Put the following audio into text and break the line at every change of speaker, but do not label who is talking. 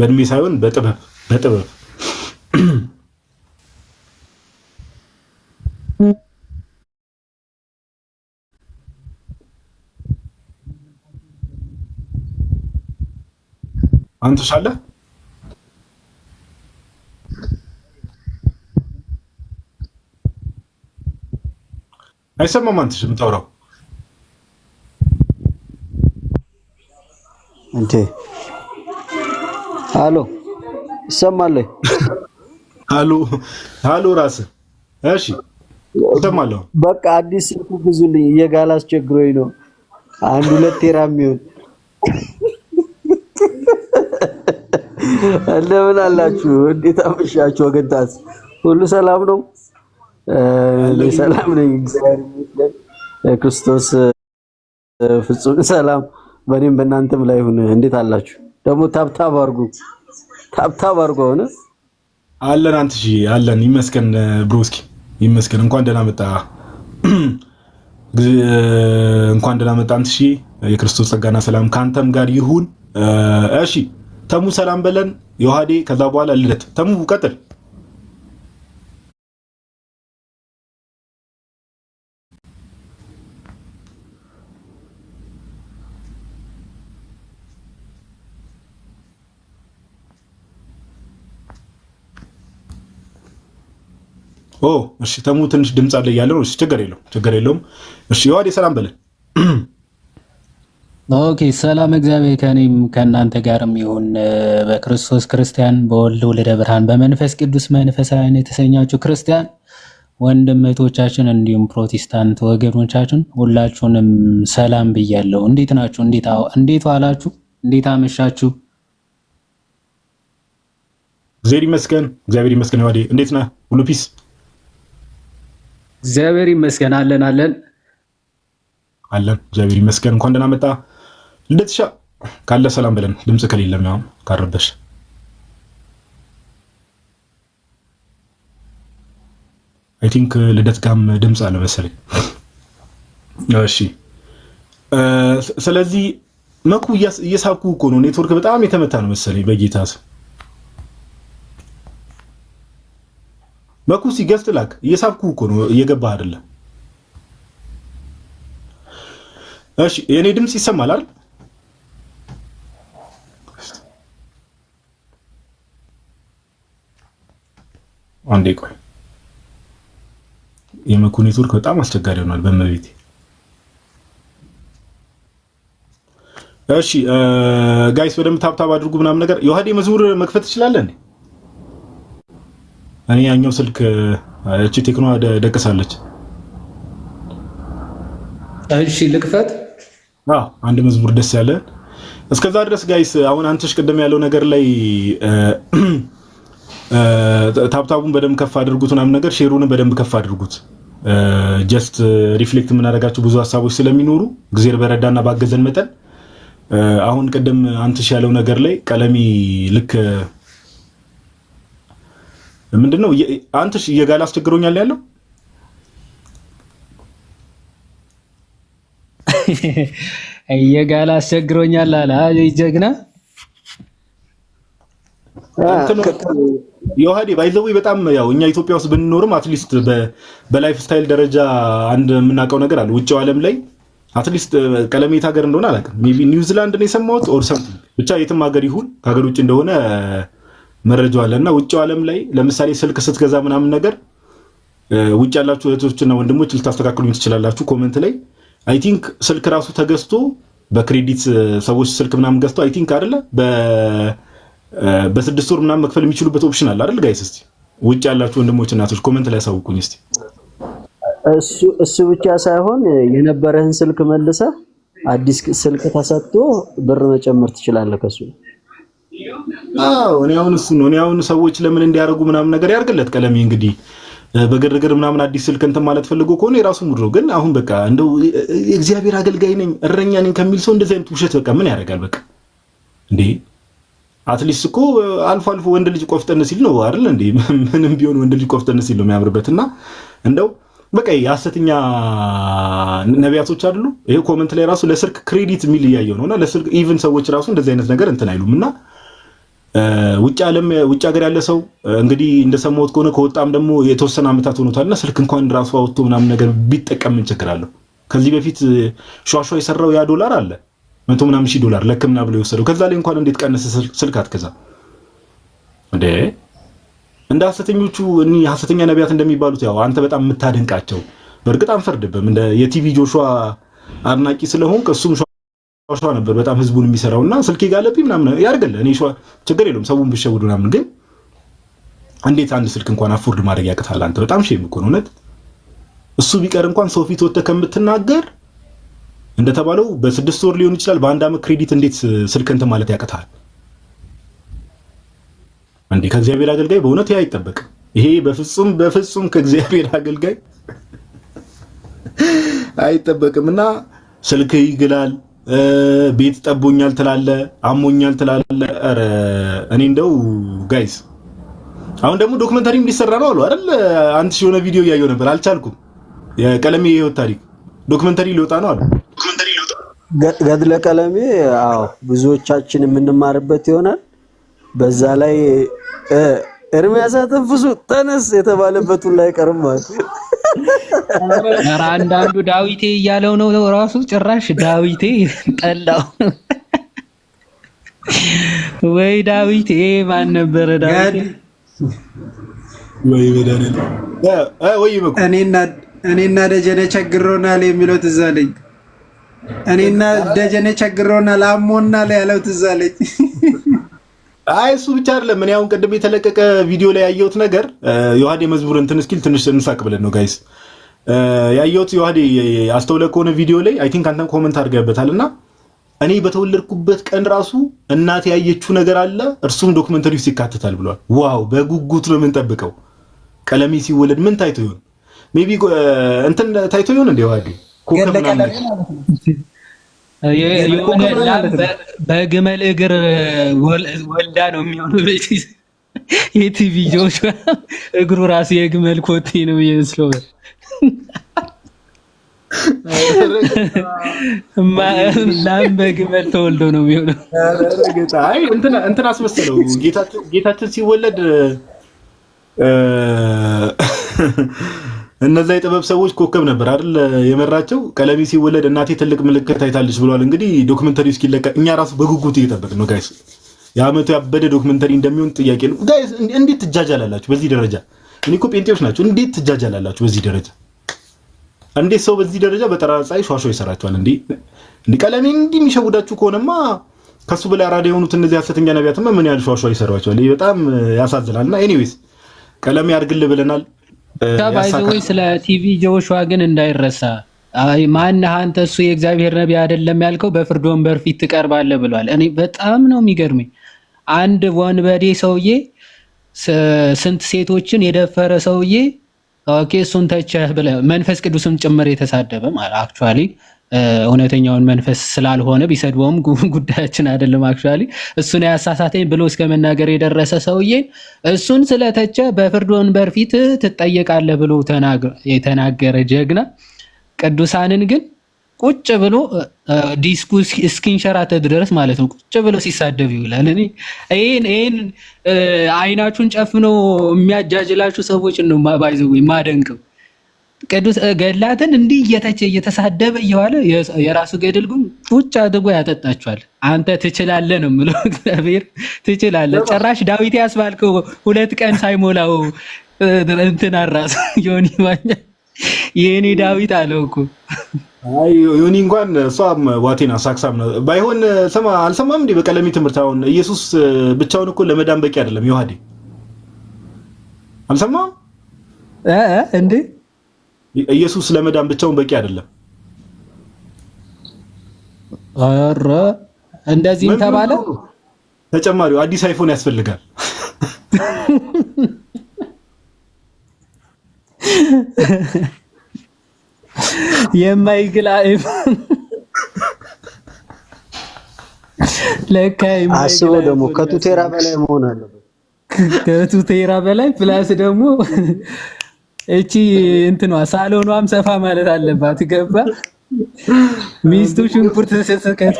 በእድሜ ሳይሆን በጥበብ በጥበብ አንተ ሳለ አይሰማም። አንተ የምታወራው
እንዴ? አሎ ይሰማለኝ።
አሎ አሎ፣ ራስ እሺ፣ እሰማለሁ።
በቃ አዲስ ስልኩ ብዙልኝ፣ እየጋለ አስቸግሮኝ ነው። አንድ ሁለት ቴራ የሚሆን እንደምን አላችሁ? እንዴት አመሻችሁ? ወገንታስ ሁሉ ሰላም ነው? ሰላም ነኝ፣ እግዚአብሔር ክርስቶስ ፍጹም ሰላም በእኔም በእናንተም ላይ ይሁን። እንዴት አላችሁ? ደግሞ ታብታብ አርጉ፣ ታብታብ አርጉ። አሁን
አለን አንት እሺ፣ አለን ይመስገን። ብሮስኪ ይመስገን። እንኳን ደህና መጣ፣ እንኳን ደህና መጣ። አንት እሺ፣ የክርስቶስ ጸጋና ሰላም ከአንተም ጋር ይሁን። እሺ ተሙ ሰላም በለን። ዮሐዴ ከዛ በኋላ ልደት ተሙ ቀጥል። ኦ እሺ፣ ተሙ ትንሽ ድምፅ አለ እያለ ነው። እሺ፣ ችግር የለውም ችግር የለውም። እሺ፣ ዮሐዴ ሰላም በለን።
ኦኬ፣ ሰላም እግዚአብሔር ከኔም ከእናንተ ጋርም ይሁን። በክርስቶስ ክርስቲያን በወልድ ወልደ ብርሃን በመንፈስ ቅዱስ መንፈሳውያን የተሰኛችሁ ክርስቲያን ወንድምቶቻችን እንዲሁም ፕሮቴስታንት ወገኖቻችን ሁላችሁንም ሰላም ብያለሁ። እንዴት ናችሁ? እንዴት ዋላችሁ? እንዴት አመሻችሁ?
እግዚአብሔር ይመስገን፣ እግዚአብሔር ይመስገን። ዮሐዴ እንዴት ነህ? ሁሉ ፒስ
እግዚአብሔር ይመስገን አለን አለን
አለን። እግዚአብሔር ይመስገን። እንኳን ደህና መጣ። ልደትሻ ካለ ሰላም በለን። ድምፅ ከሌለም ያው ካረበሽ አይ ቲንክ uh, ልደት ጋም ድምፅ አለ መሰለኝ። እሺ፣ ስለዚህ መኩ እየሳብኩ እኮ ነው። ኔትወርክ በጣም የተመታ ነው መሰለኝ በጌታ ስም መኩ ሲገዝት ላክ እየሳብኩ እኮ ነው እየገባ አይደለ? እሺ የኔ ድምፅ ይሰማል አይደል? አንዴ ቆይ። የመኩ ኔትወርክ በጣም አስቸጋሪ ሆኗል በመቤቴ። እሺ ጋይስ በደንብ ታብታብ አድርጉ ምናምን ነገር የዋህዴ መዝሙር መክፈት ትችላለን። እኔ ያኛው ስልክ እቺ ቴክኖ ደቅሳለች። እሺ ልክፈት። አዎ አንድ መዝሙር ደስ ያለ እስከዛ ድረስ ጋይስ። አሁን አንተሽ ቅድም ያለው ነገር ላይ ታብታቡን በደንብ ከፍ አድርጉት ምናምን ነገር፣ ሼሩን በደንብ ከፍ አድርጉት። ጀስት ሪፍሌክት የምናደርጋቸው ብዙ ሀሳቦች ስለሚኖሩ እግዜር በረዳና ባገዘን መጠን አሁን ቅድም አንተሽ ያለው ነገር ላይ ቀለሚ ልክ ምንድን ነው አንተ እየጋለ አስቸግሮኛል ያለው
እየጋለ አስቸግሮኛል አለ ጀግና
የውሃዴ ባይዘዊ በጣም ያው እኛ ኢትዮጵያ ውስጥ ብንኖርም አትሊስት በላይፍ ስታይል ደረጃ አንድ የምናውቀው ነገር አለ። ውጭው ዓለም ላይ አትሊስት ቀለሜት ሀገር እንደሆነ አላውቅም፣ ኒውዚላንድ ነው የሰማሁት ኦር ሰምቲንግ ብቻ የትም ሀገር ይሁን ከሀገር ውጭ እንደሆነ መረጃው አለ እና ውጭው ዓለም ላይ ለምሳሌ ስልክ ስትገዛ ምናምን ነገር ውጭ ያላችሁ እህቶችና ወንድሞች ልታስተካክሉኝ ትችላላችሁ ኮመንት ላይ አይ ቲንክ ስልክ ራሱ ተገዝቶ በክሬዲት ሰዎች ስልክ ምናምን ገዝቶ አይ ቲንክ አይደለ በስድስት ወር ምናምን መክፈል የሚችሉበት ኦፕሽን አለ አይደል ጋይስ? እስቲ ውጭ ያላችሁ ወንድሞች እናቶች ኮመንት ላይ ያሳውቁኝ እስቲ።
እሱ ብቻ ሳይሆን የነበረህን ስልክ መልሰህ አዲስ ስልክ ተሰጥቶ ብር መጨመር ትችላለህ ከሱ
አዎ እኔ አሁን እሱ ነው። እኔ አሁን ሰዎች ለምን እንዲያደርጉ ምናምን ነገር ያርግለት ቀለሜ እንግዲህ በግርግር ምናምን አዲስ ስልክ እንትን ማለት ፈልጎ ከሆነ የራሱ ሙድ ነው። ግን አሁን በቃ እንደው እግዚአብሔር አገልጋይ ነኝ እረኛ ነኝ ከሚል ሰው እንደዚህ አይነት ውሸት በቃ ምን ያደርጋል? በቃ እንዴ አትሊስት እኮ አልፎ አልፎ ወንድ ልጅ ቆፍጠን ሲል ነው አይደል እንዴ? ምንም ቢሆን ወንድ ልጅ ቆፍጠን ሲል ነው የሚያምርበት። እና እንደው በቃ ሐሰተኛ ነቢያቶች አሉ። ይሄ ኮመንት ላይ ራሱ ለስልክ ክሬዲት የሚል እያየው ነውና ለስልክ ኢቭን ሰዎች ራሱ እንደዚህ አይነት ነገር እንትን አይሉም እና ውጭ ዓለም ውጭ ሀገር ያለ ሰው እንግዲህ እንደሰማሁት ከሆነ ከወጣም ደግሞ የተወሰነ ዓመታት ሆኖታልና ስልክ እንኳን ራሱ አወጥቶ ምናምን ነገር ቢጠቀም ምን ችግር አለው? ከዚህ በፊት ሸዋሸዋ የሰራው ያ ዶላር አለ መቶ ምናምን ሺህ ዶላር ለሕክምና ብሎ የወሰደው ከዛ ላይ እንኳን እንዴት ቀነሰ? ስልክ አትገዛ እንደ እንደ ሐሰተኞቹ ሐሰተኛ ነቢያት እንደሚባሉት ያው አንተ በጣም የምታደንቃቸው በእርግጥ አንፈርድብም። እንደ የቲቪ ጆሹዋ አድናቂ ስለሆንክ እሱም ሸዋ ነበር በጣም ህዝቡን የሚሰራው እና ስልኬ ጋለብኝ ምናምን ያርገለ እኔ ሸዋ ችግር የለውም ሰውን ብሸውድ ምናምን፣ ግን እንዴት አንድ ስልክ እንኳን አፎርድ ማድረግ ያቅታል? አንተ በጣም ሼም እኮ ነው እውነት። እሱ ቢቀር እንኳን ሰው ፊት ወጥተህ ከምትናገር እንደተባለው በስድስት ወር ሊሆን ይችላል በአንድ ዓመት ክሬዲት እንዴት ስልክ እንትን ማለት ያቅታል? እንዴ ከእግዚአብሔር አገልጋይ በእውነት ይህ አይጠበቅም። ይሄ በፍጹም በፍጹም ከእግዚአብሔር አገልጋይ አይጠበቅም እና ስልክ ይግላል ቤት ጠቦኛል ትላለ፣ አሞኛል ትላለ። ኧረ እኔ እንደው ጋይስ አሁን ደግሞ ዶክመንተሪም ሊሰራ ነው አሉ አይደል? አንድ ሺህ የሆነ ቪዲዮ እያየሁ ነበር፣ አልቻልኩም። የቀለሜ የህይወት ታሪክ ዶክመንተሪ ሊወጣ ነው አሉ።
ገድለ ቀለሜ አዎ፣ ብዙዎቻችን የምንማርበት ይሆናል። በዛ ላይ ኤርሚያስ ተንፍሱ ተነስ የተባለበት ሁሉ አይቀርም ማለት ነው። ኧረ አንዳንዱ ዳዊቴ እያለው ነው ራሱ ጭራሽ ዳዊቴ ጠላው። ወይ ዳዊቴ ማን ነበረ? ዳዊቴ እኔና ደጀነ ቸግሮናል የሚለው ትዝ አለኝ። እኔና ደጀነ ቸግሮናል አሞናል ያለው ትዝ አለኝ።
አይ እሱ ብቻ አይደለም። እኔ አሁን ቅድም የተለቀቀ ቪዲዮ ላይ ያየሁት ነገር ዮሐዴ መዝሙር እንትን እስኪል ትንሽ እንሳቅ ብለን ነው ጋይስ ያየሁት። ዮሐዴ አስተውለ ከሆነ ቪዲዮ ላይ አይ ቲንክ አንተም ኮመንት አድርገህበታል እና እኔ በተወለድኩበት ቀን ራሱ እናቴ ያየችው ነገር አለ፣ እርሱም ዶክመንተሪ ውስጥ ይካተታል ብሏል። ዋው በጉጉት ነው የምንጠብቀው። ቀለሜ ሲወለድ ምን ታይቶ ይሆን? ሜይ ቢ እንትን ታይቶ ይሆን እንደ ዮሐዴ
የሆነ በግመል እግር ወልዳ ነው የሚሆነው። የቲቪ ጆች እግሩ ራሱ የግመል ኮቴ ነው የሚመስለው። ላም በግመል ተወልዶ ነው የሚሆነው።
እንትን አስመሰለው ጌታችን ሲወለድ እነዛ የጥበብ ሰዎች ኮከብ ነበር አይደል የመራቸው። ቀለሜ ሲወለድ እናቴ ትልቅ ምልክት አይታለች ብሏል። እንግዲህ ዶክመንተሪ እስኪለቀ እኛ ራሱ በጉጉት እየጠበቅን ነው ጋይስ። የአመቱ ያበደ ዶክመንተሪ እንደሚሆን ጥያቄ ነው ጋይስ። እንዴት ትጃጃላላችሁ በዚህ ደረጃ? እኔ እኮ ጴንጤዎች ናቸው። እንዴት ትጃጃላላችሁ በዚህ ደረጃ? እንዴት ሰው በዚህ ደረጃ በጠራ ፀሐይ ሿሿ ይሰራችኋል? እንዴ ቀለሚ እንዲህ የሚሸውዳችሁ ከሆነማ ከሱ በላይ አራዳ የሆኑት እነዚህ ሐሰተኛ ነቢያትማ ምን ያህል ሿሿ ይሰራቸዋል? በጣም ያሳዝናል። እና ኤኒዌይስ ቀለሚ ያድርግልህ ብለናል።
ባይዘወይ ስለ ቲቪ ጆሹዋ ግን እንዳይረሳ ማነህ አንተ? እሱ የእግዚአብሔር ነቢይ አይደለም ያልከው በፍርድ ወንበር ፊት ትቀርባለህ ብሏል። እኔ በጣም ነው የሚገርመኝ። አንድ ወንበዴ ሰውዬ ስንት ሴቶችን የደፈረ ሰውዬ ኦኬ፣ እሱን ተቸህ ብለህ መንፈስ ቅዱስም ጭምር የተሳደበ አክቹዋሊ እውነተኛውን መንፈስ ስላልሆነ ቢሰድበውም ጉዳያችን አይደለም። አክቹዋሊ እሱን ያሳሳተኝ ብሎ እስከ መናገር የደረሰ ሰውዬን እሱን ስለተቸ በፍርድ ወንበር ፊት ትጠየቃለህ ብሎ የተናገረ ጀግና ቅዱሳንን ግን ቁጭ ብሎ ዲስኩ እስኪንሸራተት ድረስ ማለት ነው። ቁጭ ብሎ ሲሳደብ ይውላል። እኔ ይህን ይሄን አይናችሁን ጨፍኖ የሚያጃጅላችሁ ሰዎች ነው ባይዘው ማደንቅም ቅዱስ ገድላትን እንዲህ እየተቸ እየተሳደበ እየዋለ የራሱ ገድል ግን ቁጭ አድርጎ ያጠጣችኋል። አንተ ትችላለህ ነው የምለው። እግዚአብሔር ትችላለህ። ጭራሽ ዳዊት ያስባልከው ሁለት ቀን ሳይሞላው እንትን አራሱ ዮኒ ማኛ የእኔ ዳዊት አለው እኮ
ዮኒ እንኳን እሷም ዋቴና ሳክሳም ነው ባይሆን ሰማ አልሰማም እንዲህ በቀለሚ ትምህርት። አሁን ኢየሱስ ብቻውን እኮ ለመዳን በቂ አይደለም። ዮሐዴ አልሰማም እንዴ ኢየሱስ ለመዳን ብቻውን በቂ አይደለም።
አረ እንደዚህም ተባለ።
ተጨማሪው አዲስ አይፎን ያስፈልጋል።
የማይግል አይፎን ለካይ አስበው ደግሞ ከቱ ቴራ በላይ መሆን አለበት። ከቱ ቴራ በላይ ፕላስ ደግሞ እቺ እንትኗ ሳሎኗም ሰፋ ማለት አለባት። ገባ ሚስቱ ሽንኩርት ስትከት